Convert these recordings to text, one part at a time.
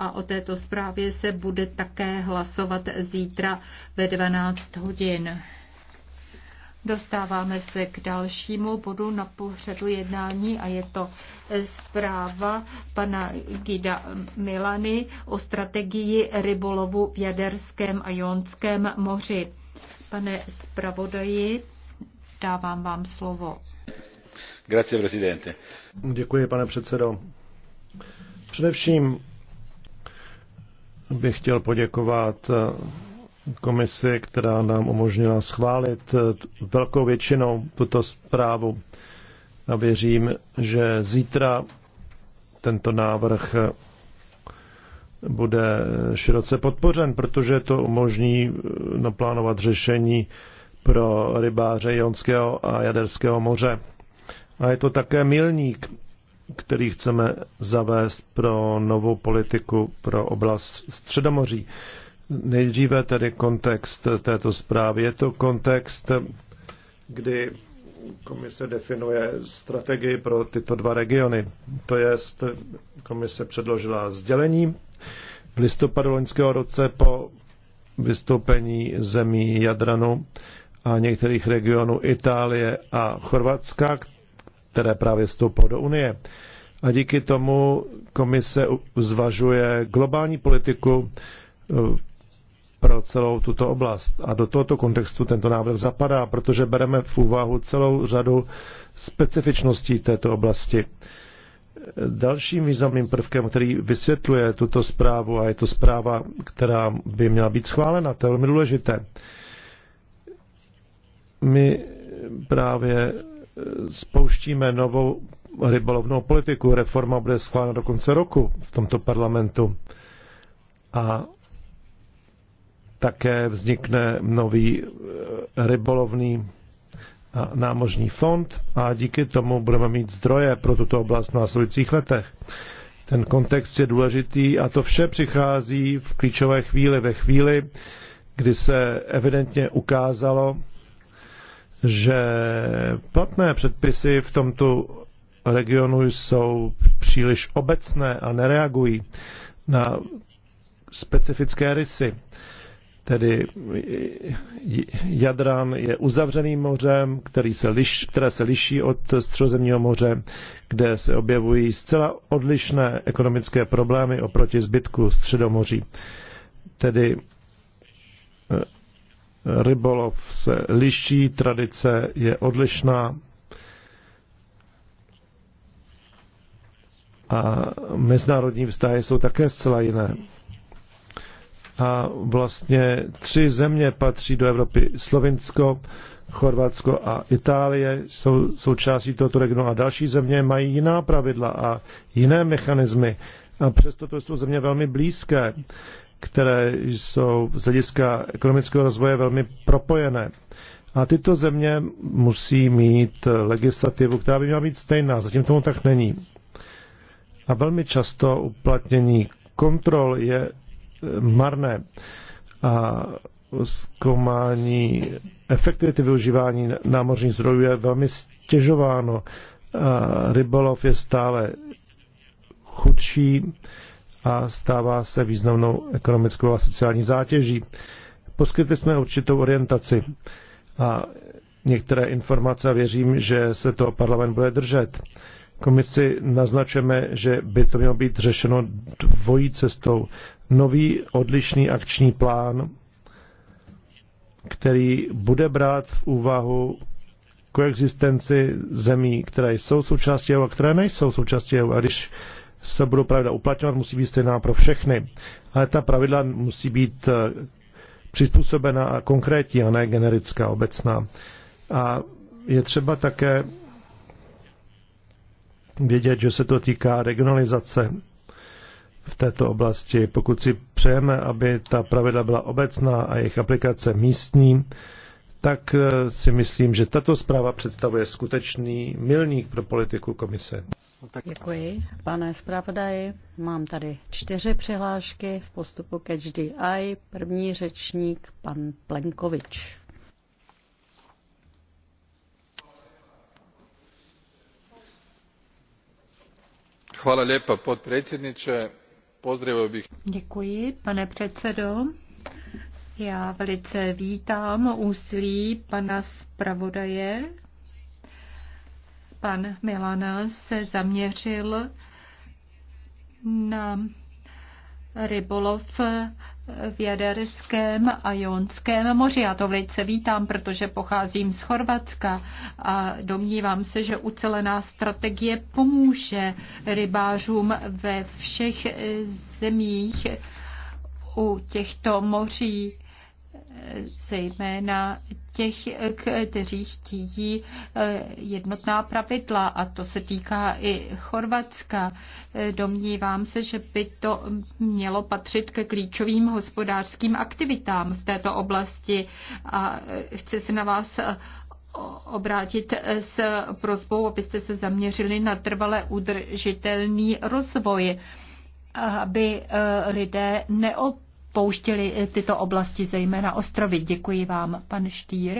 a o této zprávě se bude také hlasovat zítra ve 12 hodin. Dostáváme se k dalšímu bodu na pořadu jednání a je to zpráva pana Gida Milany o strategii rybolovu v Jaderském a Jonském moři. Pane zpravodaji, dávám vám slovo. Grazie, Děkuji, pane předsedo. Především bych chtěl poděkovat eh, komisi, která nám umožnila schválit eh, velkou většinou tuto zprávu. A věřím, že zítra tento návrh eh, bude široce podpořen, protože to umožní naplánovat řešení pro rybáře Jonského a Jaderského moře. A je to také milník který chceme zavést pro novou politiku pro oblast Středomoří. Nejdříve tedy kontext této zprávy. Je to kontext, kdy komise definuje strategii pro tyto dva regiony. To je, komise předložila sdělení v listopadu loňského roce po vystoupení zemí Jadranu a některých regionů Itálie a Chorvatska, které právě vstoupilo do Unie a díky tomu komise zvažuje globální politiku eh, pro celou tuto oblast. A do tohoto kontextu tento návrh zapadá, protože bereme v úvahu celou řadu specifičností této oblasti. Dalším významným prvkem, který vysvětluje tuto zprávu, a je to zpráva, která by měla být schválena, to je velmi důležité. My právě eh, spouštíme novou rybolovnou politiku. Reforma bude schválena do konce roku v tomto parlamentu. A také vznikne nový e, rybolovný a námožní fond a díky tomu budeme mít zdroje pro tuto oblast v následujících letech. Ten kontext je důležitý a to vše přichází v klíčové chvíli, ve chvíli, kdy se evidentně ukázalo, že platné předpisy v tomto regionu jsou příliš obecné a nereagují na specifické rysy. Tedy Jadran je uzavřeným mořem, který se liš, které se liší od středozemního moře, kde se objevují zcela odlišné ekonomické problémy oproti zbytku středomoří. Tedy eh, rybolov se liší, tradice je odlišná a mezinárodní vztahy jsou také zcela jiné. A vlastně tři země patří do Evropy. Slovinsko, Chorvatsko a Itálie jsou součástí tohoto regionu a další země mají jiná pravidla a jiné mechanismy. A přesto to jsou země velmi blízké, které jsou z hlediska ekonomického rozvoje velmi propojené. A tyto země musí mít legislativu, která by měla být stejná. Zatím tomu tak není a velmi často uplatnění kontrol je eh, marné a zkoumání efektivity využívání námořních zdrojů je velmi stěžováno. A rybolov je stále chudší a stává se významnou ekonomickou a sociální zátěží. Poskytli jsme určitou orientaci a některé informace a věřím, že se to parlament bude držet komisi naznačujeme, že by to mělo být řešeno dvojí cestou. Nový odlišný akční plán, který bude brát v úvahu koexistenci zemí, které jsou součástí EU a které nejsou součástí EU. A když se budou pravidla uplatňovat, musí být stejná pro všechny. Ale ta pravidla musí být eh, přizpůsobená a konkrétní a ne generická, obecná. A je třeba také vědět, že se to týká regionalizace v této oblasti. Pokud si přejeme, aby ta pravidla byla obecná a jejich aplikace místní, tak eh, si myslím, že tato zpráva představuje skutečný milník pro politiku komise. Děkuji, pane zpravodaji. Mám tady čtyři přihlášky v postupu Catch the Eye. První řečník, pan Plenkovič. Děkuji, pane předsedající Já velice vítám úsilí pana zpravodaje. Pan Milana se zaměřil na rybolov v Jaderském a Jonském moři. Já to velice vítám, protože pocházím z Chorvatska a domnívám se, že ucelená strategie pomůže rybářům ve všech zemích u těchto moří, zejména těch, kteří chtějí eh, jednotná pravidla a to se týká i Chorvatska. Eh, domnívám se, že by to mělo patřit ke klíčovým hospodářským aktivitám v této oblasti a eh, chci se na vás obrátit s prozbou, abyste se zaměřili na trvale udržitelný rozvoj, aby lidé neop Pouštěli eh, tyto oblasti, zejména ostrovy. Děkuji vám, pan Štýr.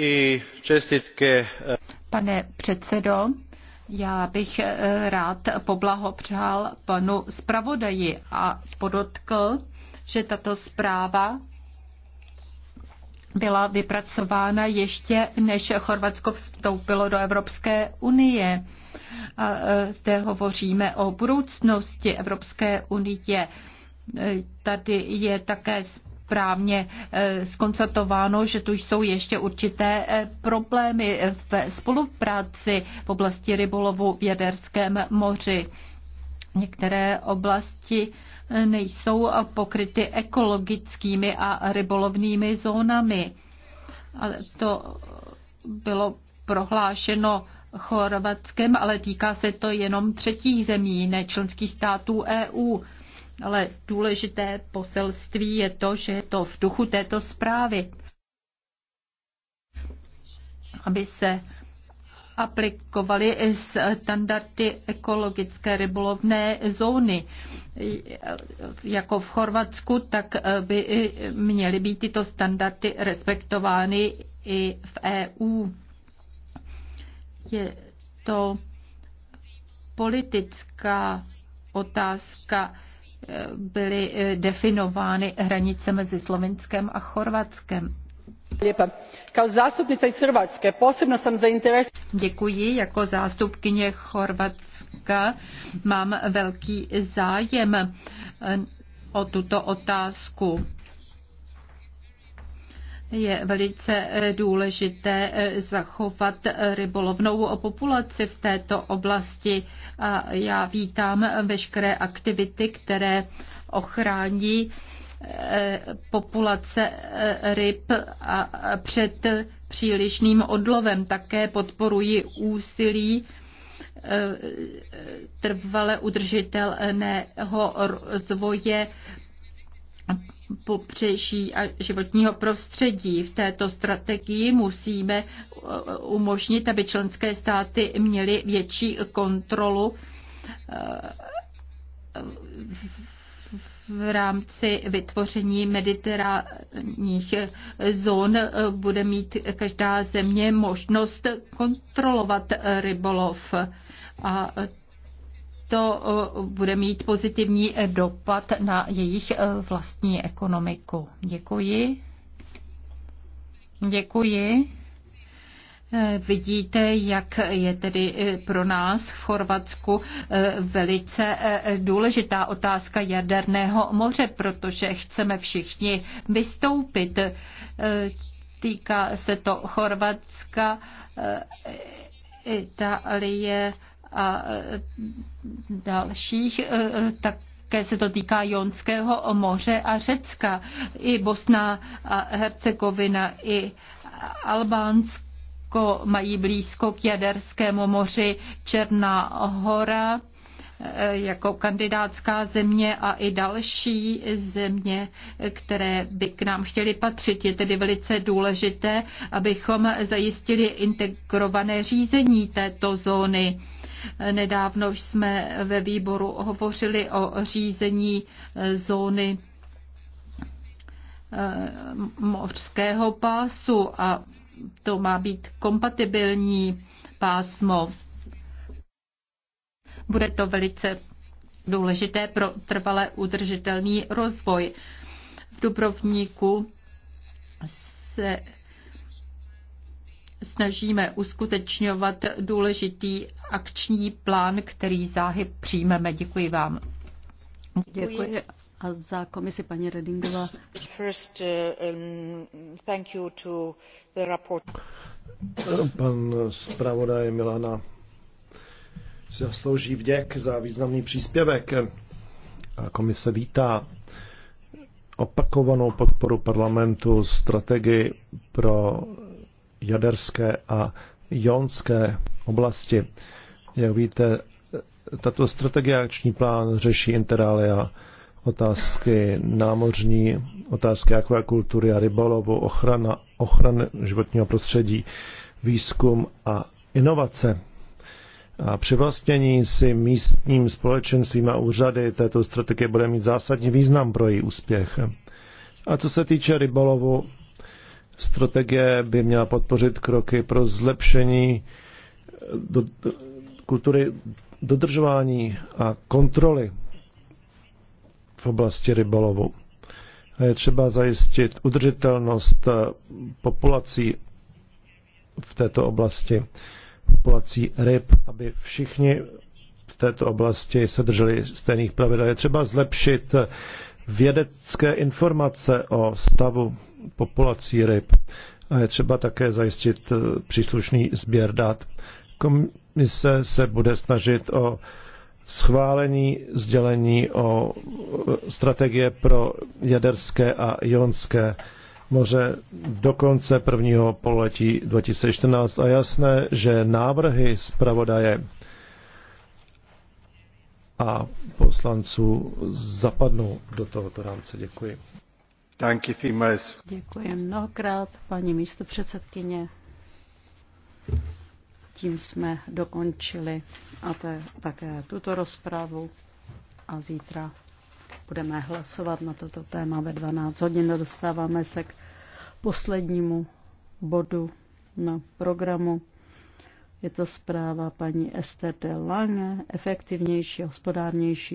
Eh, Pane předsedo, já bych eh, rád poblahopřál panu zpravodaji a podotkl, že tato zpráva byla vypracována ještě než Chorvatsko vstoupilo do Evropské unie. A e, zde hovoříme o budoucnosti Evropské unie. E, tady je také správně e, skonstatováno, že tu jsou ještě určité problémy v spolupráci v oblasti rybolovu v Jaderském moři. Některé oblasti nejsou pokryty ekologickými a rybolovnými zónami. A to bylo prohlášeno Chorvatskem, ale týká se to jenom třetích zemí, ne členských států EU. Ale důležité poselství je to, že je to v duchu této zprávy, aby se aplikovali standardy ekologické rybolovné zóny. Jako v Chorvatsku, tak by měly být tyto standardy respektovány i v EU. Je to politická otázka. Byly definovány hranice mezi Slovinskem a Chorvatskem. Děkuji. Jako zástupkyně Chorvatska mám velký zájem eh, o tuto otázku. Je velice eh, důležité eh, zachovat rybolovnou populaci v této oblasti a já vítám veškeré aktivity, které ochrání Eh, populace eh, ryb a před přílišným odlovem. Také podporují úsilí eh, trvale udržitelného rozvoje popřeží a životního prostředí. V této strategii musíme umožnit, aby členské státy měly větší kontrolu v rámci vytvoření mediteránních zón bude mít každá země možnost kontrolovat rybolov. A to eh, bude mít pozitivní dopad na jejich eh, vlastní ekonomiku. Děkuji. Děkuji. Eh, vidíte, jak je tedy eh, pro nás v Chorvatsku eh, velice důležitá otázka jaderného moře, protože chceme všichni vystoupit. Týká se to Chorvatska, Itálie a dalších, tak také se to týká Jonského moře a Řecka, i Bosna a Hercegovina, i Albánsko Rusko mají blízko k Jaderskému moři Černá hora eh, jako kandidátská země a i další země, které by k nám chtěly patřit. Je tedy velice důležité, abychom zajistili integrované řízení této zóny. Nedávno jsme ve výboru hovořili o řízení eh, zóny eh, mořského pásu a to má být kompatibilní pásmo. Bude to velice důležité pro trvale udržitelný rozvoj. V Dubrovníku se snažíme uskutečňovat důležitý akční plán, který záhy přijmeme. Děkuji vám. Děkuji. Děkuji a za komisi paní Redingová. Uh, um, Pan zpravodaj Milana si zaslouží vděk za významný příspěvek. A komise vítá opakovanou podporu parlamentu strategii pro jaderské a jonské oblasti. Jak víte, tato strategie akční plán řeší interalia otázky námořní, otázky akvakultury a rybolovu, ochrana, ochrany životního prostředí, výzkum a inovace. A přivlastnění si místním společenstvím a úřady této strategie bude mít zásadní význam pro její úspěch. A co se týče rybolovu, strategie by měla podpořit kroky pro zlepšení eh, do, do, kultury dodržování a kontroly v oblasti rybolovu. A je třeba zajistit udržitelnost eh, populací v této oblasti, populací ryb, aby všichni v této oblasti se drželi stejných pravidel. Je třeba zlepšit eh, vědecké informace o stavu populací ryb a je třeba také zajistit eh, příslušný sběr dat. Komise se bude snažit o schválení sdělení o e, strategie pro jaderské a jonské moře do konce prvního pololetí 2014 a jasné, že návrhy zpravodaje a poslanců zapadnou do tohoto rámce. Děkuji. Děkuji mnohokrát, paní místo předsedkyně. Tím jsme dokončili a te, také tuto rozpravu a zítra budeme hlasovat na toto téma ve 12 hodin. Dostáváme se k poslednímu bodu na programu. Je to zpráva paní Esther de Lange, efektivnější, hospodárnější